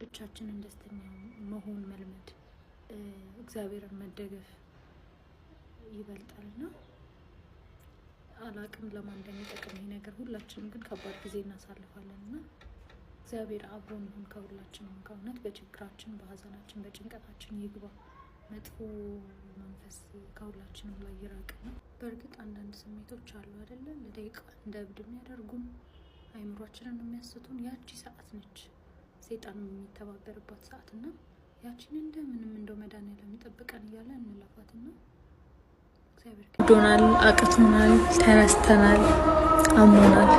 ብቻችንን ደስተኛ መሆን መልመድ፣ እግዚአብሔርን መደገፍ ይበልጣል ና አላቅም ለማን እንደሚጠቅም ይሄ ነገር። ሁላችንም ግን ከባድ ጊዜ እናሳልፋለን እና እግዚአብሔር አብሮን ይሁን ከሁላችንም ከእውነት በችግራችን፣ በሀዘናችን፣ በጭንቀታችን ይግባ። መጥፎ መንፈስ ከሁላችንም ላይ ይራቅ ነው። በእርግጥ አንዳንድ ስሜቶች አሉ አይደለም፣ ለደቂቃ እንደ እብድ የሚያደርጉን አይምሯችንን የሚያስቱን ያቺ ሰዓት ነች። ሰይጣን የሚተባበርባት ሰዓት እና ያችን እንደምንም እንደው መድኃኒዓለም ጠብቀን እያለ እንለፋትና ዶናል አቅቶናል፣ ተነስተናል፣ አሞናል፣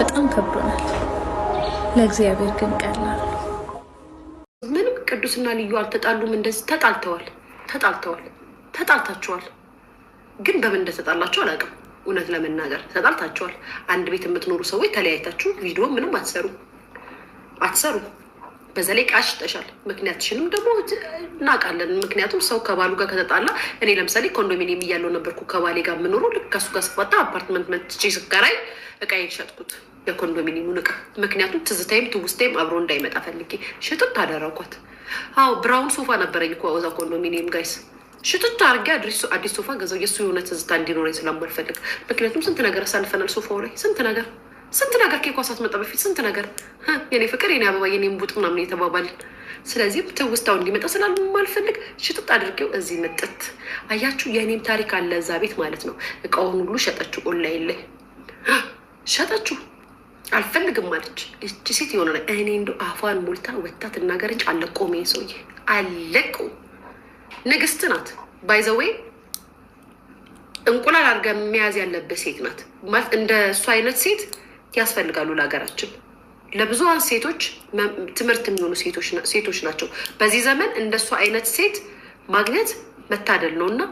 በጣም ከብዶናል። ለእግዚአብሔር ግን ቀላል ምንም ቅዱስና ልዩ አልተጣሉም። እንደዚህ ተጣልተዋል፣ ተጣልተዋል፣ ተጣልታችኋል። ግን በምን እንደተጣላችሁ አላውቅም። እውነት ለመናገር ተጣልታችኋል። አንድ ቤት የምትኖሩ ሰዎች ተለያይታችሁ ቪዲዮ ምንም አትሰሩም። ሰሩ። በዛ ላይ ቃሽ ይጠሻል። ምክንያትሽንም ደግሞ እናውቃለን። ምክንያቱም ሰው ከባሉ ጋር ከተጣላ እኔ ለምሳሌ ኮንዶሚኒየም እያለው ነበርኩ ከባሌ ጋር የምኖረው ልክ ከሱ ጋር ስፋታ አፓርትመንት መጥቼ ስከራይ እቃ ሸጥኩት፣ የኮንዶሚኒየሙን እቃ። ምክንያቱም ትዝታይም ትውስታይም አብሮ እንዳይመጣ ፈልጌ ሽጥት አደረኳት። አዎ ብራውን ሶፋ ነበረኝ እኮ እዛ ኮንዶሚኒየም ጋይስ ሽጥት አድርጌ አዲስ ሶፋ ገዛው። የእሱ የሆነ ትዝታ እንዲኖረኝ ስለማልፈልግ ምክንያቱም ስንት ነገር አሳልፈናል ሶፋው ላይ ስንት ነገር ስንት ነገር ኬኳ ሳትመጣ በፊት ስንት ነገር የኔ ፍቅር፣ የኔ አበባ፣ የኔ ቡጥ ምናምን የተባባልን። ስለዚህም ትውስታው እንዲመጣ ስላልማልፈልግ ሽጥጥ አድርጌው እዚህ ምጥት። አያችሁ፣ የእኔም ታሪክ አለ እዛ ቤት ማለት ነው። እቃውን ሁሉ ሸጠችው፣ ኦንላይን ላይ ሸጠችው። አልፈልግም አለች እቺ ሴት። የሆነ እኔ እንደ አፏን ሞልታ ወታ ትናገር እንጂ አለቆም ሰውዬ አለቁ። ንግስት ናት ባይዘወይ እንቁላል አድርጋ መያዝ ያለበት ሴት ናት እንደ እሱ አይነት ሴት ያስፈልጋሉ ለሀገራችን። ለብዙሀን ሴቶች ትምህርት የሚሆኑ ሴቶች ናቸው። በዚህ ዘመን እንደሱ አይነት ሴት ማግኘት መታደል ነው እና